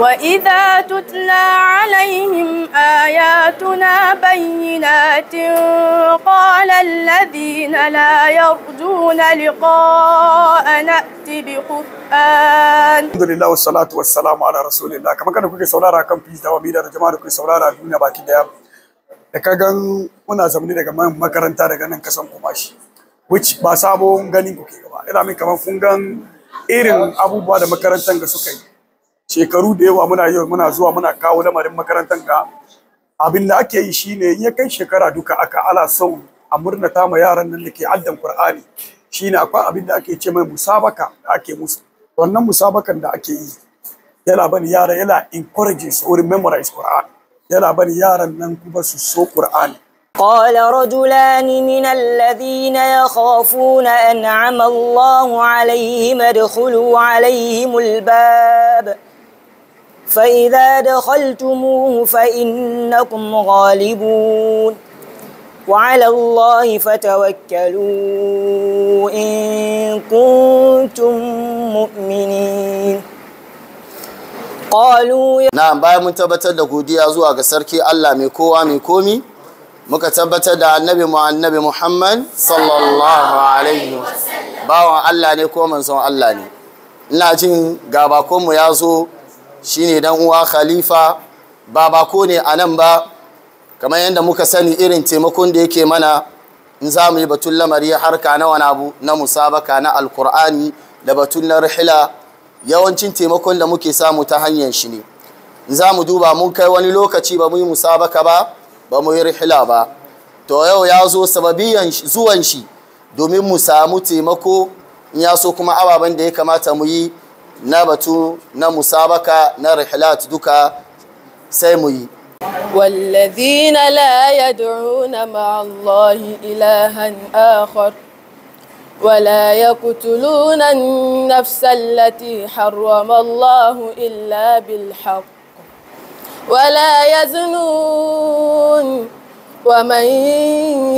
وإذا تتلى عليهم آياتنا بينات قال الذين لا يرجون لقاء نأتي بقرآن الحمد لله والصلاة والسلام على رسول الله كما كان كوكي سولارا كم بيز دوا ميدا جماعة كوكي سولارا دنيا باكي ديا da ka gan muna zamani daga man makaranta daga nan kasan kumashi which ba sabon ganin kuke gaba ina min kamar kun gan irin abubuwa da makarantar da suka yi shekaru da yawa muna yau muna zuwa muna kawo lamarin makarantar ka abin da ake yi shine in ya kai shekara duka aka ala sau a ta ma yaran nan da ke addan qur'ani shine akwai abin da ake ce mai musabaka da ake musu wannan musabakan da ake yi yana bani yaran yana encourage su or memorize qur'ani yana bani yaran nan kuma su so qur'ani قال رجلان من الذين يخافون أنعم الله عليهم ادخلوا عليهم الباب فإذا دخلتموه فإنكم غالبون وعلى الله فتوكلوا إن كنتم مؤمنين قالوا نعم باي من تبتر دقودية زواج قسرك الله ميكوا ميكومي muka tabbatar da annabi mu annabi Muhammad sallallahu alaihi wasallam bawan Allah ne ko manzon Allah ne ina jin gabakonmu ya zo shine dan uwa khalifa ba bako ne a nan ba kamar yadda muka sani irin taimakon da yake mana in za mu yi batun lamari harka na wani abu na musabaka na alkur'ani da batun na rihila yawancin taimakon da muke samu ta hanyar shi ne za mu duba mun kai wani lokaci ba mu yi musabaka ba ba mu yi rihila ba to yau ya zo sababiyan zuwan shi domin mu samu taimako in ya so kuma ababen da ya kamata mu yi na batu na musabaka na rihlat duka sai mu yi والذين لا يدعون مع الله إلها آخر ولا يقتلون النفس التي حرم الله إلا بالحق ولا يزنون ومن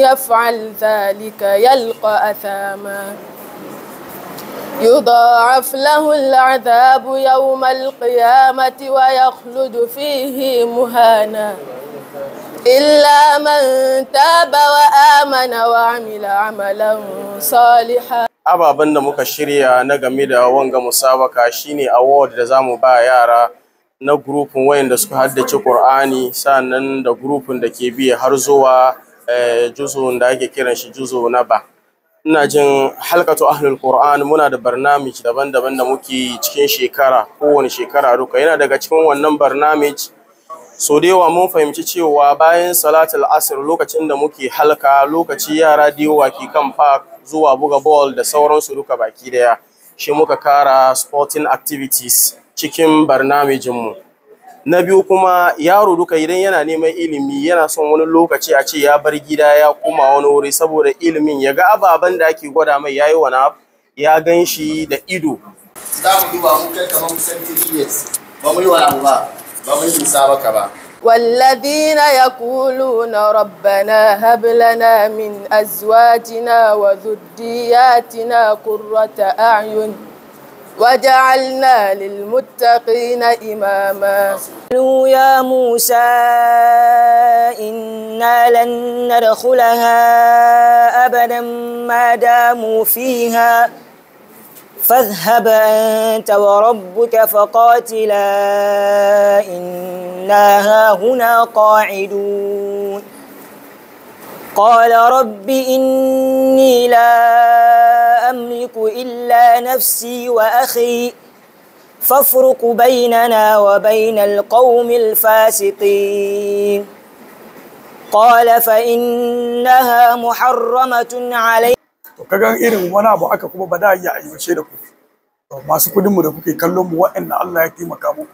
يفعل ذلك يلقى أثاما يضاعف له العذاب يوم القيامة ويخلد فيه مهانا إلا من تاب وآمن وعمل عملا صالحا ababen da muka shirya na game da wanga musabaka shine award da zamu ba yara na grupin wayanda suka haddace Qur'ani sannan da gurufin da ke biye har zuwa eh, juzo da ake kiran shi juzo na ba ina jin halkatu ahlul qur'an muna da barnamij daban-daban da muke cikin shekara kowane shekara duka yana daga cikin wannan barnamij so da yawa mun fahimci cewa bayan salatul asr lokacin da muke halka lokaci yara da yawa ke kan park zuwa buga ball da sauransu duka baki daya shi muka kara sporting activities cikin barnamijinmu mu na biyu kuma yaro duka idan yana neman ilimi yana son wani lokaci a ce ya bar gida ya koma wani wuri saboda ilimin ya ga ababen da ake gwada mai yi wani ya gan shi da ido za mu duba mu kai kamar kusan years ba mu yi wani abu ba ba mu yi ba والذين يقولون ربنا هب لنا من أزواجنا وذرياتنا قرة أعين وجعلنا للمتقين إماما قالوا يا موسى إنا لن ندخلها أبدا ما داموا فيها فاذهب أنت وربك فقاتلا إنا هاهنا قاعدون قال رب إني لا أملك إلا نفسي وأخي فافرق بيننا وبين القوم الفاسقين قال فإنها محرمة علي kaga irin wani abu aka kuma ba da ya aiwace da ku masu kudin mu da kuke kallon mu wa'anda Allah ya taimaka mu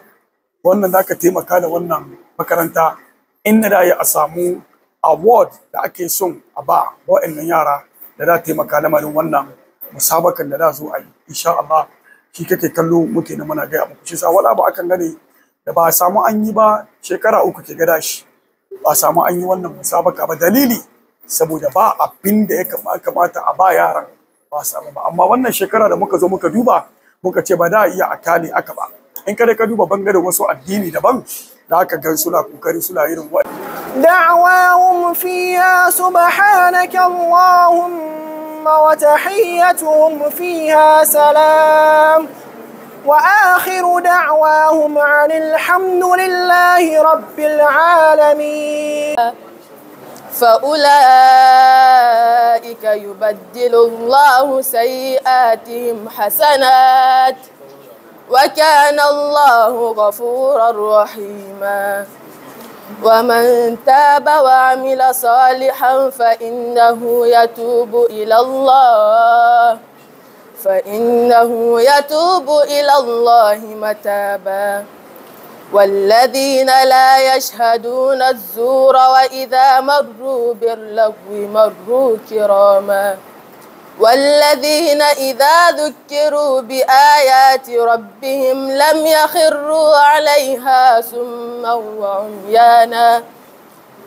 wannan zaka taimaka da wannan makaranta inna da ya a samu award da ake son a ba waɗannan yara da za taimaka lamarin wannan musabakan da za zo a yi insha Allah shi kake kallo muke na muna gaya muku shi sa wala ba akan gane da ba samu an yi ba shekara uku ke gada shi ba samu an yi wannan musabaka ba dalili saboda ba abin da ya kamata a ba yaran ba samu ba amma wannan shekara da muka zo muka duba muka ce ba da iya a kale aka ba in kada ka duba bangaren wasu addini daban da aka gan suna kokari suna irin wa da'awahum fiha subhanaka allahumma wa tahiyyatuhum fiha salam واخر دعواهم عن الحمد لله رب العالمين فاولئك يبدل الله سيئاتهم حسنات وكان الله غفورا رحيما ومن تاب وعمل صالحا فإنه يتوب إلى الله فإنه يتوب إلى الله متابا والذين لا يشهدون الزور وإذا مروا باللغو مروا كراما والذين إذا ذكروا بآيات ربهم لم يخروا عليها سما وعميانا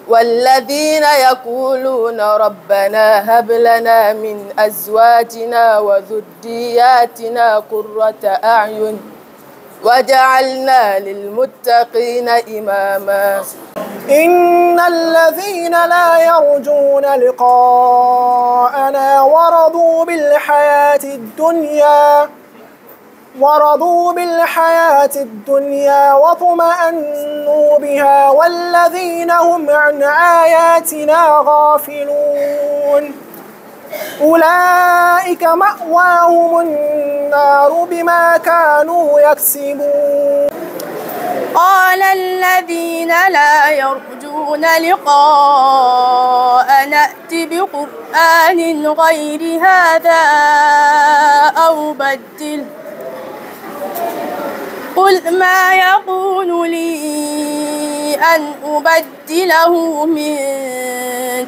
والذين يقولون ربنا هب لنا من أزواجنا وذرياتنا قرة أعين وجعلنا للمتقين إماما إن الذين لا يرجون لقاءنا ورضوا بالحياة الدنيا ورضوا بالحياة الدنيا واطمأنوا بها والذين هم عن آياتنا غافلون أولئك مأواهم النار بما كانوا يكسبون قال الذين لا يرجون لقاء نأت بقرآن غير هذا أو بدل قل ما يقول لي أن أبدله من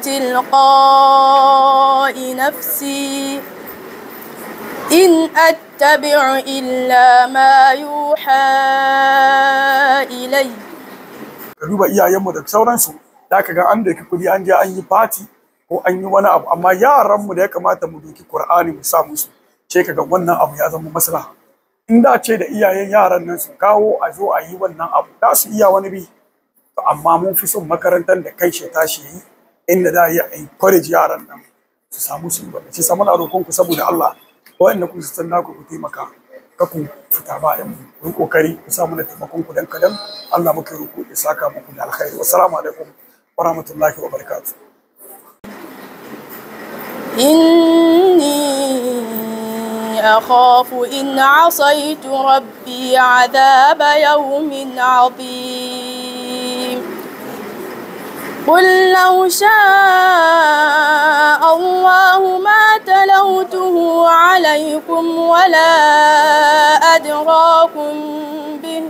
تلقاء نفسي إن أتبع إلا ما يوحى ka duba iyayenmu da sauransu da ka ga an da kuɗi an je an yi fati ko an yi wani abu amma yaranmu da ya kamata mu doki Qur'ani mu sa musu ce ka ga wannan abu ya zama maslaha in da ce da iyayen yaran nan su kawo a zo a yi wannan abu da su iya wani bi to amma mun fi son makarantar da kai shi yi inda da ya encourage yaran nan su samu su yi wannan shi samu na saboda Allah wa'annan ku san naku ku taimaka kaku ku ba bayan mu kokari ku samu mana taimakon ku dan kadan Allah muke roƙo ya saka muku da alkhairi wassalamu alaikum wa rahmatullahi wa barakatuh inni akhafu in asaytu rabbi adhab yawmin adhim قل لو شاء الله ما تلوته عليكم ولا أدراكم به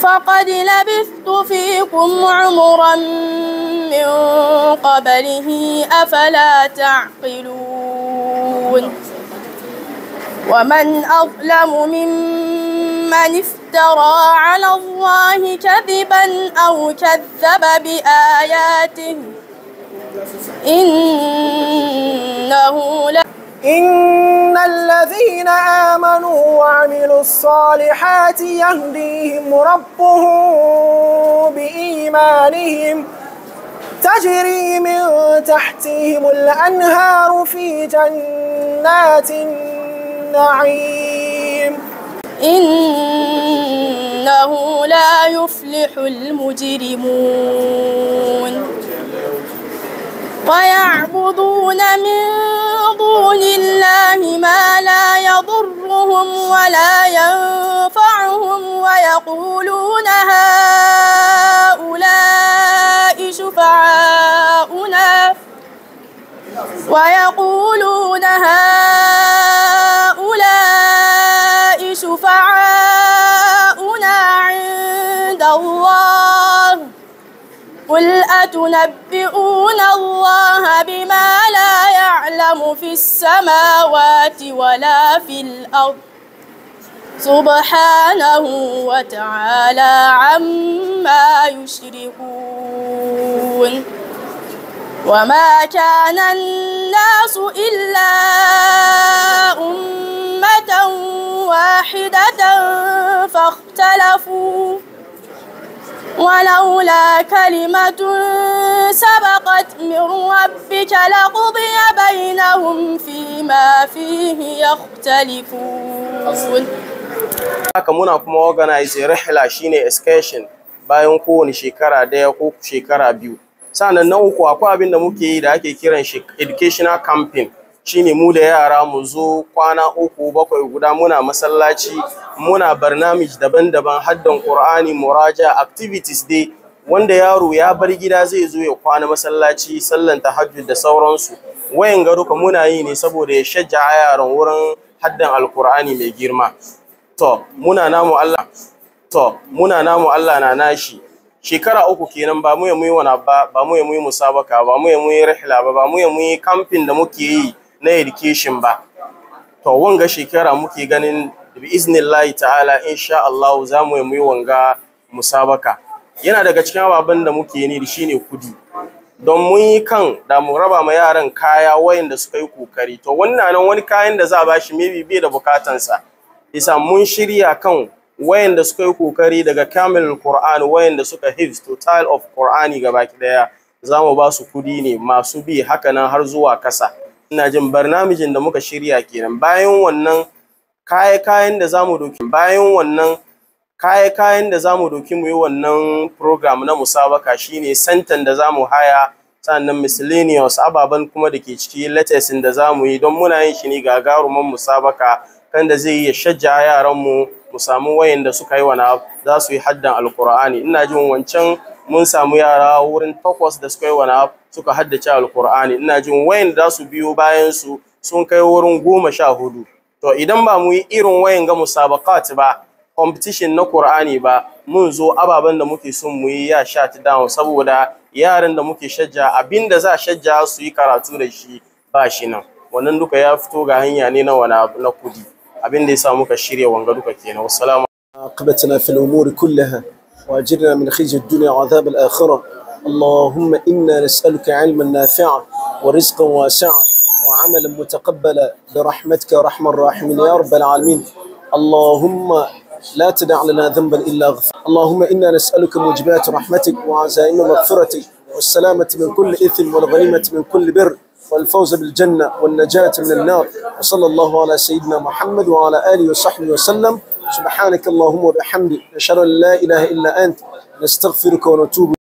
فقد لبثت فيكم عمرا من قبله أفلا تعقلون ومن أظلم ممن افترى افترى على الله كذبا أو كذب بآياته إنه لا إن الذين آمنوا وعملوا الصالحات يهديهم ربهم بإيمانهم تجري من تحتهم الأنهار في جنات النعيم إنه لا يفلح المجرمون ويعبدون من دون الله ما لا يضرهم ولا ينفعهم ويقولون هؤلاء شفعاؤنا ويقولون هؤلاء أتنبئون الله بما لا يعلم في السماوات ولا في الأرض سبحانه وتعالى عما يشركون وما كان الناس إلا أمة واحدة فاختلفوا ولولا كلمة سبقت من ربك لقضي بينهم فيما فيه يختلفون haka muna kuma organize rihla shine excursion bayan kowane shekara daya ko shekara biyu sannan na uku akwai abin da muke yi da ake kiran educational camping shine mu da yara mu zo kwana uku bakwai guda muna masallaci muna barnamij daban-daban haddan qur'ani muraja activities dai wanda yaro ya bar gida zai zo ya kwana masallaci sallan tahajjud da sauransu wayan ga duka muna yi ne saboda ya shajja yaran wurin haddan alqur'ani mai girma to muna namu Allah to muna namu Allah na nashi shekara uku kenan ba mu ya muyi wani ba ba mu ya muyi musabaka ba mu ya muyi rihla ba mu ya muyi kamfin da muke yi na education ba to wanga shekara muke ganin bi iznillahi ta'ala insha Allah za mu yi wanga musabaka yana daga cikin ababen da muke ni da shine kudi don mun yi kan da mu raba ma yaran kaya da suka yi kokari to wannan nan wani kayan da za a bashi maybe bai da sa, isa mun shirya kan da suka yi kokari daga kamilul qur'an da suka hifz total of qur'ani gabaki daya za mu ba su kudi ne masu bi haka nan har zuwa kasa ina jin barnamijin da muka shirya kenan bayan wannan kayan da zamu doki bayan wannan kayan da zamu doki mu yi wannan program na musabaka shine santan da zamu haya sannan miscellaneous ababen kuma da ke ciki latest da zamu yi don muna yin shi ne gagaruman musabaka kan da zai iya shajja yaran mu mu samu da suka yi wana za su yi haddan alkur'ani ina jin wancan mun samu yara wurin takwas da suka yi abu. suka haddace alkur'ani ina jin wayan da su biyo bayan su sun kai wurin goma sha hudu to idan ba mu yi irin wayan ga musabakat ba competition na Qur'ani ba mun zo ababen da muke son mu yi ya ta down saboda yaran da muke shajja abinda za shajja su yi karatu da shi ba shi nan wannan duka ya fito ga hanya ne na wana na kudi abinda yasa muka shirya wanga duka kenan wassalamu aqbatana fil umuri kullaha wajirna min khizyi ad-dunya wa al اللهم إنا نسألك علما نافعا ورزقا واسعا وعملا متقبلا برحمتك يا رحم الراحمين يا رب العالمين اللهم لا تدع لنا ذنبا إلا غفر اللهم إنا نسألك موجبات رحمتك وعزائم مغفرتك والسلامة من كل إثم والغنيمة من كل بر والفوز بالجنة والنجاة من النار وصلى الله على سيدنا محمد وعلى آله وصحبه وسلم سبحانك اللهم وبحمدك نشهد أن لا إله إلا أنت نستغفرك ونتوب